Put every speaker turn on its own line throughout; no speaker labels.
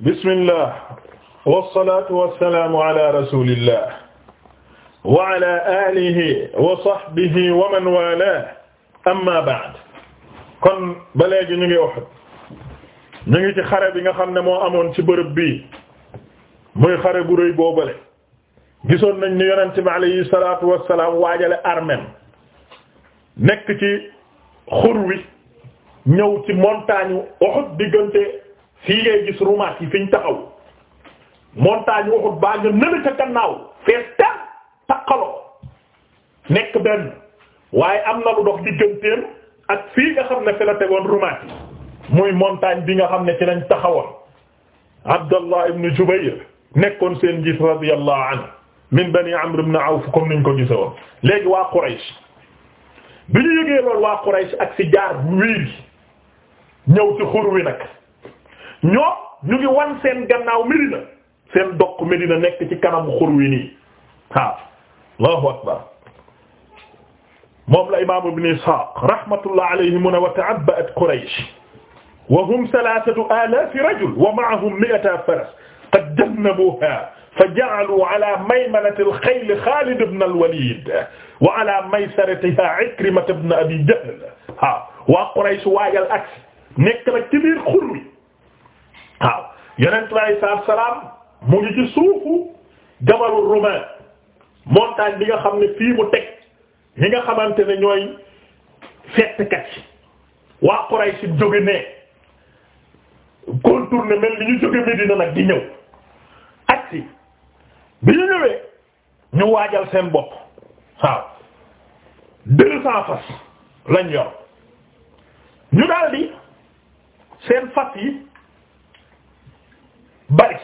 bismillah wasalaatu wasalaamu ala rasulillah wa ala alihi wa sahbihi wa man wala amma ba'd kon ba léegi ñu ngi wax ñu ngi ci xare bi nga xam ne moo amoon ci bërëb bii muy xare bu rëy boobale gisoon nañ ni yonente alayhi salaatu wasalaam waajale armem nekk ci xur wi ci montagne Uhud diggante sii ngay gis rumaat yi fi ñu taxaw montagne waxut baa nga nële ca gannaaw fees ter nekk benn waaye am na lu dox digganteem ak fii nga xam ne fi la tegoon rumaat muy montagne bi nga xam ne ci lañ taxawoon Abdallah ibn Jubayr nekkoon seen gis radiyallahu anhu min bani Amr ibn Awf comme niñ ko gisewoon léegi waa Quraysh bi ñu waa Quraysh ak si jaar wiir ñëw ci xur wi nag ñoom ñu ngi wan seen gannaaw Medina seen dokk Medina nekk ci kanam xur wi nii waaw Allahu akbar moom la imaam ibn Ishaq rahmatullah alayhi mu ne wa ta'abba'at Quraysh wa hum thalathatu alafi rajul wa ma'ahum mi'ata faras qad jannabuha faja'alu ala maymanati al-khayl Khalid ibn al-Walid wa ala maysaratiha Ikrimah ibn Abi Jahl ha wa Quraysh waajal ak nekk nag ci biir xur wi yonent bi alayhi salaatu wa salaam mu ngi ci suufu jabalu Rumaan montagne bi nga xam ne fii mu teg ñi nga xamante ne ñooy fettkat yi waa Quraysh si jóge ne contourné mel ni ñu jóge Medina nag di ñëw ak si bi ñu ñëwee ñu waajal seen bopp waaw deux fas lañ yor ñu daldi seen fas yi bari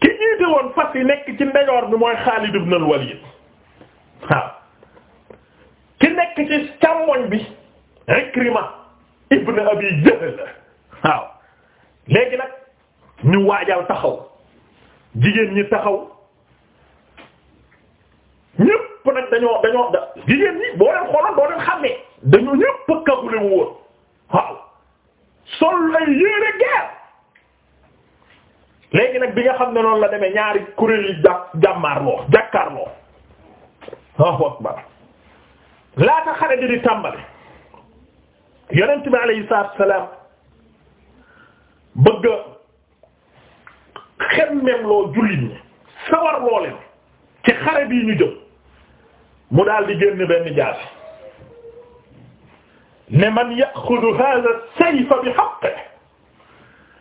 ki jiite woon fas yi nekk ci ndeyoor bi mooy Xaalid ibn al-Walid ki nekk ci càmmoñ bi Ikrima ibn Abi Jahl waaw léegi nag ñu waajal taxaw jigéen ñi taxaw ñépp nag dañoo dañoo da jigéen ñi boo leen xooloon doo leen xàmmee dañoo ñépp kagule woon waaw sol lay yéere guerre léegi nag bi nga xam ne noonu la demee ñaari kuréel yi jà jàmmaarloo jàkkaarloo Allahu akbar laata xare di di tàmbali yonent bi alayhi salaatu salaam bëgg xemmem loo jullit sawar loo leen xare bii ñu jëm mu daal di génn benn jaasi ne man yaxudu haaza sayfa bi haqqihi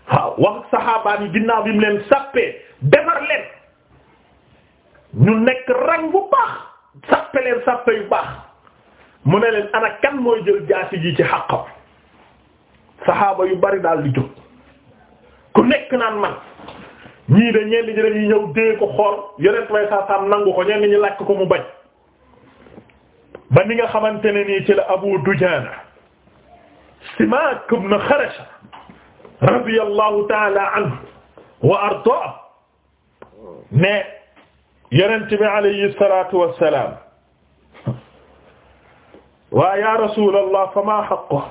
waaw wax saxaabaan yi ginnaaw bi mu leen sàppee defar leen ñu nekk rang bu baax sàppe leen sàppe yu baax mu ne leen ana kan mooy jël jaasi ji ci xàqam saxaaba yu bari daal di jóg ku nekk naan man ñii de ñenn ñi dañuy ñëw dee ko xool yonent way saa saam nangu ko ñenn ñu làkk ko mu bañ ba ni nga xamante ne nii ci la Abu Dujaana Simaak ibn Xarasha radiyallahu taala anhu wa arda ne yonent bi alayhi salatu wassalam waa ya rasulallah fa maa xaqo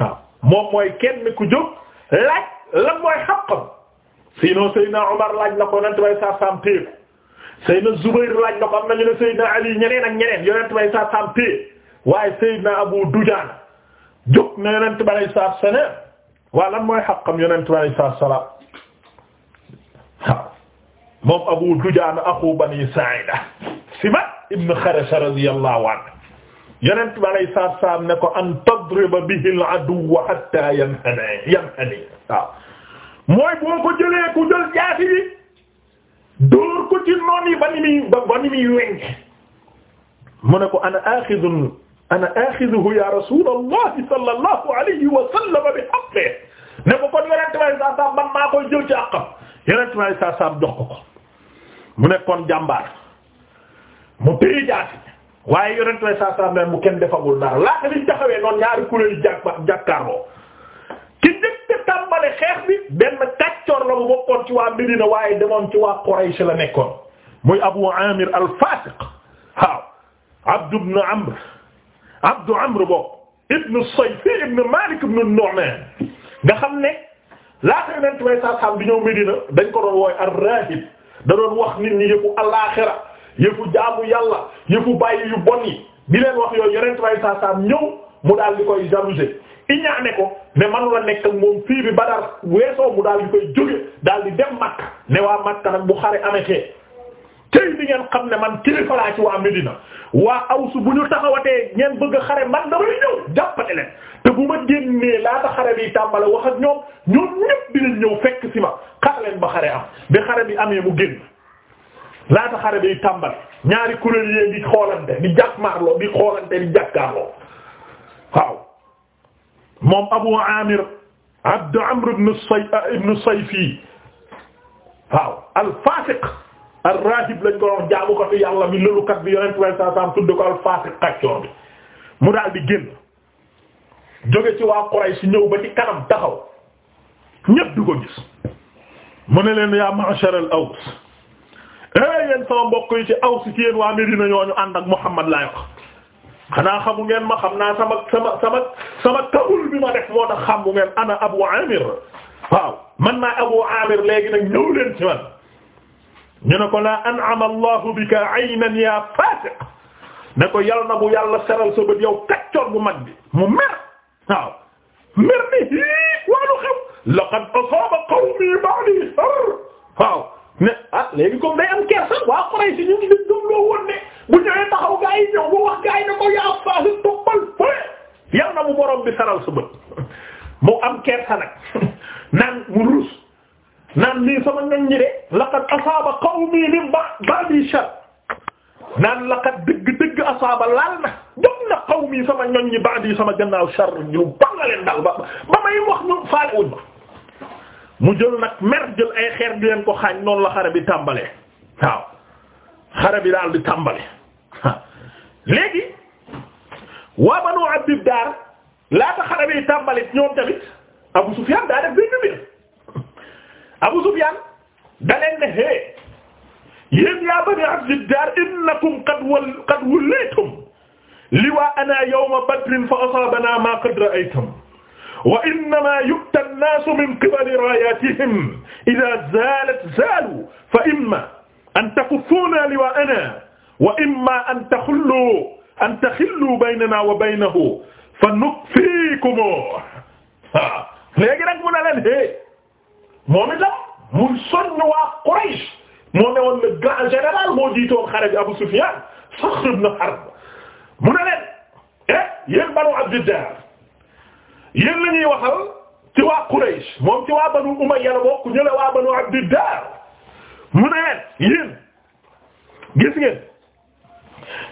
waaw moom mooy kenn ku jóg laaj lan mooy xaqam sinon Seydina Omar laaj na ko yonent bay saa saam téye ko Seydina Zubayr laaj na ko am nañu ne Seydina Ali ñeneen ak ñeneen yonent bay saa saam téye waaye Seydina Abu Dujaana jóg na yonent bay saa seneen waa lan mooy xaqam yonent bi alayhi salaatu salaam waaw moom Abu Dujaana axu Bani Saa'ida Simat ibn Xarasha radiyallahu anhu yonent bi alayhi salaatu salaam ne ko an tadriba bihi al-aduwwa hattaa yanhani yanhani waaw mooy boo ko jëlee ku jël jaasi bi dóor ko ci noon yi ba ni muy ba ni muy weng mu ne ko ana aaxidun ana axiduhu ya rasulallahi sallallahu alayhi wa sallam bi haqqihi ne ko kon maa koy jël ci àqam yonent may saa saam jox ko ko mu nekkoon jàmbaar mu téye jaasi waaye yonent may saa saam ne mu kenn defagul dara laata liñ taxawee noonu ñaari kuréel jàkk jàkkaarloo ki njëkk tàmbale xeex bi benn kàccoor la bu bokkoon ci waa Medina waaye demoon ci waa Quraysh la nekkoon muy Abu Amir al-Fasiq waaw Abd Amr Abdu Amr bo ibnu Sayfi ibnu Malik ibnu Nu'man nga xam ne laata yonent way saa saam bi ñëw Medina dañ ko doon wooy ar-rahib da doon wax nit ñi yëfu alaaxira yëfu jaamu yàlla yëfu bàyyi yu bon yi di leen wax yooyu yonent way saa saam ñëw mu daal di koy jalousé iñaane ko ne manu la nekk ak moom fii bi Badar weesoo mu daal di koy jóge daal di dem Makka ne waa Makka nag bu xare ametee tey di ngeen xam ne man kilifa laa ci waa Medina waa Aws bu ñu taxawatee ngeen bëgg a xare man damay ñëw jàppate leen te bu ma génnee laata xare bi tàmbale wax ak ñoom ñoom ñëpp dinañ ñëw fekk ci ma xaar leen ba xare am bi xare bi amee mu génn laata xare bi tàmbale ñaari kuréel yee di xoolante di jàkmaarloo di xoolante di jàkkaarloo waaw moom Abu Amir Abd Amr ibn Sayfi waaw al-Fasiq ar-raahib lañ ko wax jaamukatu yàlla bi lëlukat bi yonent way saa saam tudd ko al-faasiq kàccoor bi mu daal di génn jóge ci waa si ñëw ba ci kanam taxaw ñépp du ko gis mu ne leen yaa ma'shar al-aws eh yéen sama mbokk yi ci aws ci yéen waa Medina ñooñu ànd ak Muhammad laay wax xanaa xamu ngeen ma xam naa sama sama sama sama kawul bi ma def moo tax xamu ngeen ana Abu Amir waaw man naa Abu Amir léegi nag ñëw leen ci man ñu ne ko laa an'ama allahu bika aynan yaa faasiq ne ko yal na bu yàlla seral sa bët bu mag bi mu mer ni hii waalu xew laqad asaaba qawmi ba'di ah, bu ñëwee taxaw gaa yi ñëw bu wax gaa yi ne ko yaa faasiq toppal bi seral sa bët mu am kersa nag naan mu ruus naan lii sama ngañ ñi de laqad asaaba qawmi min ba'di shar naan laqad dëgg dëgg asaaba laal na jot na qawmi sama ñoñ ñi ba'di sama gannaaw shar ñu ban leen dal ba ba may wax ñu faale wuñ ma mu jël nag mer jël ay xeer di leen ko xaañ noonu la xare bi tàmbalee waaw xare bi daal di tàmbalee léegi waa Banu Abdid Daar laata xare bi tàmbalee ñoom tamit Abu Sufyaan daa def benn mbir Abu Sufyan da leen ne hee yéen yaa bani Abd ad-Dar innakum qad wal qad wallaytum liwaa'ana yawma Badrin fa asaabanaa maa qad ra'aytum wa innamaa yu'taa an-naasu min qibali raayaatihim idhaa zaalat zaaluu fa immaa an takuffuunaa liwaa'anaa wa immaa an taxulluu an taxilluu baynanaa wa baynahu fa nukfiikumuuh léegi nag mu ne leen hee moom itam mu soññ waa Quraysh moo ne woon le grand général moo jiitoon xare Abu Sufyan Saxr ibn Harb mu ne leen eh yéen Banu Abd Dar yéen la ñuy waxal ci waa Quraysh moom ci waa Banu Umayya la bokk ñu ne waa Banu Abd Dar mu ne leen yéen gis ngeen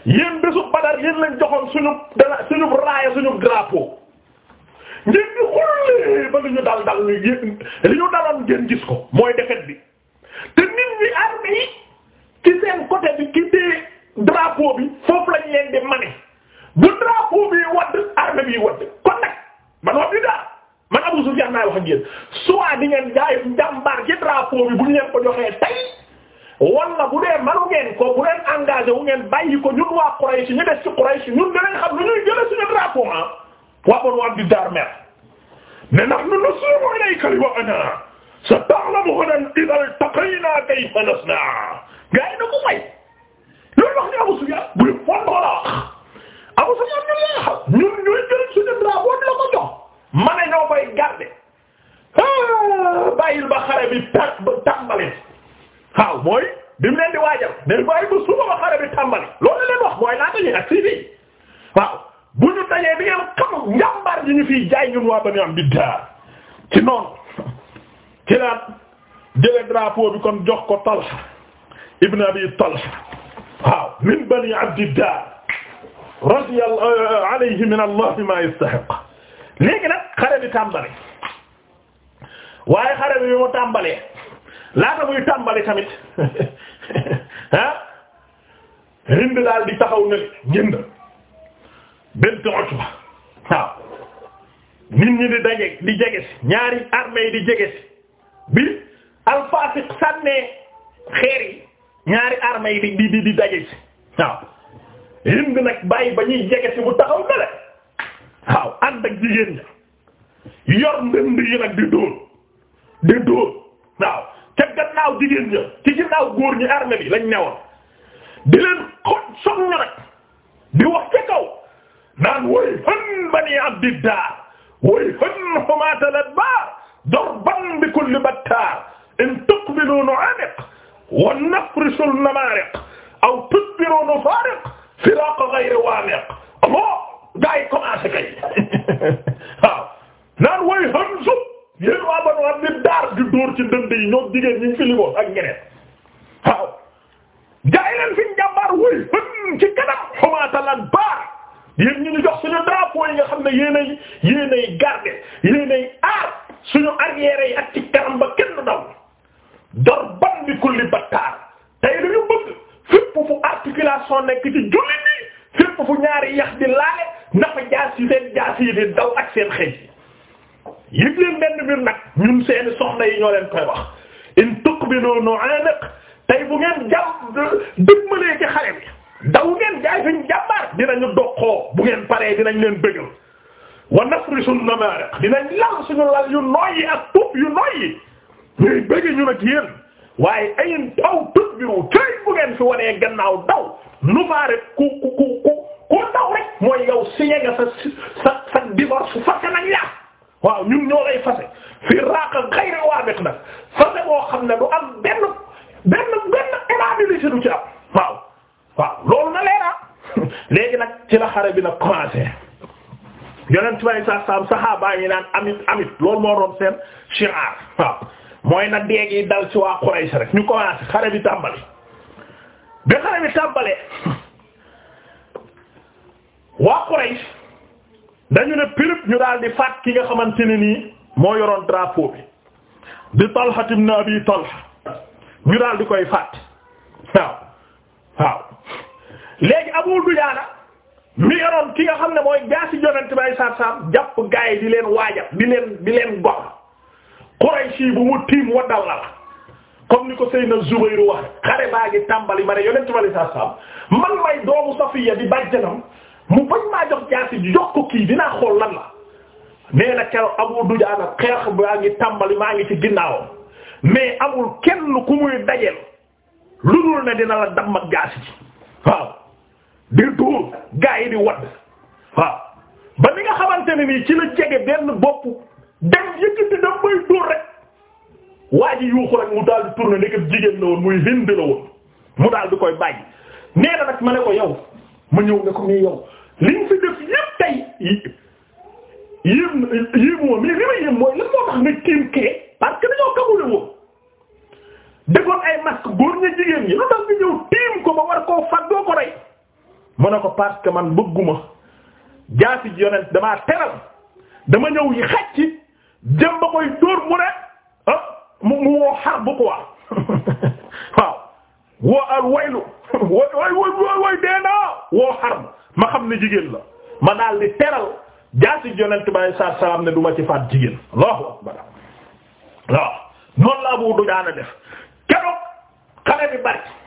yéen bésu Badar yéen lañ joxoon suñu dana suñu raaya suñu drapeau ngeen ñu xullee ba li ñu dal dal ñu yéen li ñu daloon ngeen gis ko mooy defet bi te nit ñi armée yi seen côté bi ki dee drapeau bi foofu lañ leen di mane bu drapeau bi wadd armée bi wadd kon nag man wax di daal man Abu Sufyan naa wax ak yéen soit di ngeen jaay njàmbaar ci drapeau bi bu ñu leen ko joxee tay walla bu dee manu ngeen ko bu leen engagé wu ngeen bàyyi ko ñun waa Quraysh ñu des ci Quraysh ñun dinañ xam lu ñuy jëlee suñu drapeau ah. waa Banu Abdi Daar mer ne nahnu nusiibu ilayka liwaa'anaa sata'lamu ghadan idhaa iltaqaynaa kayfa nasna'u gaa yi na ko may loolu wax ne Abu Sufyaan bu dee fondoo la wax Abu Sufyaan ñu la xam ñun ñooy jël suñu drapeau la jox ma ne ñoo koy garder ah, bàyyil ba xare bi tàmbali waaw mooy bi mu leen di waajal ne bàyyi ba suba ba xare bi tàmbali loolu leen wax mooy laata ñuy ak si bi waaw bu ñu dajee di ngeen xam njàmbaar ji ñu fiy jaay ñun waa Bani Abdiddar ci noonu ci laat bi kon jox ko Talha ibn Abi Talha waaw min Bani Abdiddar radiyallahu euh, alayhi min Allah ma yastahiq léegi nag xare bi tàmbali waaye xare bi mu tàmbalee laata muy tàmbali tamit ah Hind daal di taxaw na génn bint Utba waaw nit ñi di daje di jege si ñaari armée yi di jege si bi al-Fasiq sànnee yi ñaari armée yi di di di daje si waaw Hind nag bàyyi ba ñuy jege si bu taxaw na waaw ànd ak jigéen ña yor ndënd yi nag di dóor di dóor waaw ca gannaaw jigéen ña ci ginnaaw góor ñi armée bi lañ newoon di leen xoj soññ nag di wax ca kaw. naan woy hën bani abdiddaar woy hën humaatal adbaar dorban bi kulli battaar in tuqbilu nu'aaniq wa nafrisu namaariq aw tudbiru nufaariq firaaqa ghayri waamiq Allah gaa yi commencé kay waaw naan woy hën sub yéen waa banu abdiddaar di dóor ci dënd yi ñoom jigéen ñi fi limoon ak ñeneen waaw gaa yi leen fi njàmbaar woy hën ci kanam humaatal adbaar yéen ñu ñu jox suñu drapeau yi nga xam ne yéenay yéenay garder yéenay aar suñu arrière yi ak ci kanam ba kenn daw dor ban bi kulli battaar tey lu ñu bëgg fépp fu articulation nekk ci jullit bi fépp fu ñaari yax di laale ndafa jaas yi seen jaas yi di daw ak seen xëy yëg leen benn mbir nag ñun seeni soxna yi ñoo leen koy wax in tuqbilu nu'aniq tey bu ngeen jàmm dëgmalee ci xare bi daw ngeen jaay suñu jàmbaar dinañu doqoo paree dinañ leen bëggal wa nafrisu namaariq dinañ lal suñu lal yu noyyi ak tub yu noyyi ñuy bëgg ñu nag yéen waaye ayin taw tut biru tey bu ngeen fi wanee gannaaw daw nu faa rek ku ku ku ku ku daw rek mooy yow signé nga sa sa sa divorce fase nañ la waaw ñun ñoo lay fase fi raqa ghayr waabiq nag fase boo xam ne du am benn benn benn énabilité du ci am waaw waaw loolu na léegi nag ci la xare bi nag commencé yonent bay sa sam saxaaba yi naan amit amit loolu moo doon seen shi'ar waaw mooy nag déeg yi dal ci waa Quraysh rek ñu commencé xare bi tàmbali bi xare bi tàmbalee waa Quraysh dañu ne pirip ñu daal di faat ki nga xamante ne nii moo yoroon drapeau bi di Talha ibn Abi Talha ñu daal di koy faat waaw waaw léegi Abu Dujaana mi yoroon ki nga xam ne mooy jaasi jonante bay saab-saab jàpp gaay di leen waajal di leen di leen gor Qurayshi bu mu tiim wa dal la comme ni ko Seydina Zubayru wax xare baa ngi tàmbali ma ne yonent bali saa saam man di bàjjanam mu bañ maa jox jaasi jox ko kii dinaa xool lan la nee na keroog xeex baa ngi tàmbali maa ngi ci ginnaawam mais amul kenn ku muy dajeel lu dul ne dina la damm ak jaasi waaw zuhur gaa yi di wadd waaw ba ni nga xamante ne nii ci la jege benn bopp dem yëkkati daf may dóor rek waa ji yuuxu rek mu daal di tourné nekk jigéen la woon muy Hind la woon mu daal di koy bàyyi nee na nag ma ne ko yow ma ñëw ne ko mais yow li nga fi def yépp tey yéem yéem woon mais li ma mooy lan moo tax nga tiim kee parce que dañoo kagule woon defoon ay masque góor ña jigéen ñi lu tax nga ñëw mu ne ko parce man bëgguma jaasi ji yonent damaa teral dama ñëw yi xaj jëm ba koy dóor mu ne ah mu mu woo xar bu ko waaw woo al waylu wooy wooy wooy wooy deenaa woo xar ma xam ne jigéen la ma daal di teral jaasi ji yonent ba saa salaam ne du ci faat jigéen waaw noonu la Abu Dujaana def keroog xale bi bari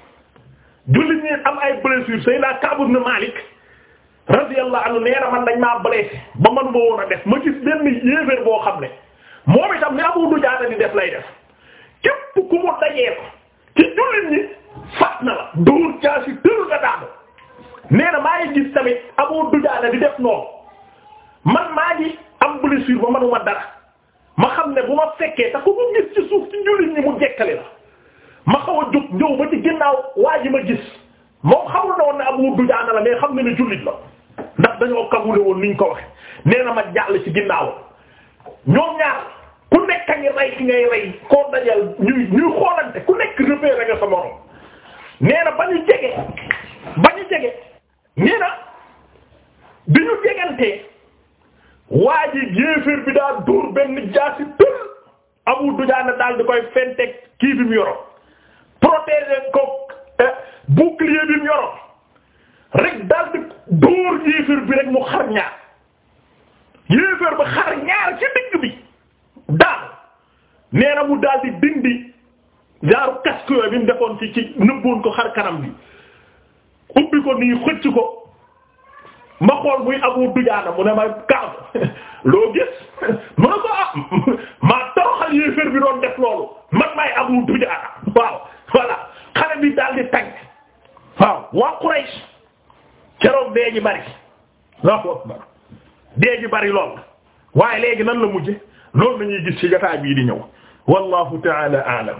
jullit ñi am ay blessure Seydina Kaab ibn Malik radiyallahu anhu nee na man dañ maa blessé ba manuma woon a def ma gis benn yéeféer boo xam ne moom itam ni Abu Dujaana di def lay def képp ku mu dajee ko ci jullit ñi fat na la dóor jaasi tëru nga daanu nee na maa ngi gis tamit Abu Dujaana di def noonu man maa ngi am blessure ba manuma dara ma xam ne bu ma fekkee te ku mu gis ci suuf ci jullit ñi mu jekkali la ma xaw a jóg ñëw ba ci ginnaaw waa ji ma gis moom xamul na woon ne Abu Dujaana la mais xam na ne jullit la ndax dañoo kawule woon niñ ko waxe nee na ma jàll ci ginnaaw ñoom ñaar ku nekk a ngi rey ki ngay rey koo dajal ñuy ñuy xoolante ku nekk repéré nga sa morom nee na ba ñu jege ba ñu jege nee na bi ñu jegantee waa ji yéeféer bi daal dóor benn jaasi tël Abu Dujaana daal di koy fenteeg kii bi mu yoro protéger ko eh, bouclier bi mu yoroon rek dal di dóor yéeféer bi rek mu xar yéeféer ba xar ci digg bi daal nee mu daal dindi jaaru casque bi mu defoon fii ci nëbboon ko xar kanam bi ubbi ko nii xëcc ko ma xool muy Abu Dujaana mu ne ma kaaw loo gis mu ne ko ah maa toroxal yéeféer bi doon def loolu man maay Abu Dujaana waaw voilà xare daal di tagg waaw waa Quraysh keroog dee ji bari Allahu akbar dee bari lool waaye léegi nan la mujje loolu la ñuy gis ci gataa bii di ñëw wallahu ta'ala a'lam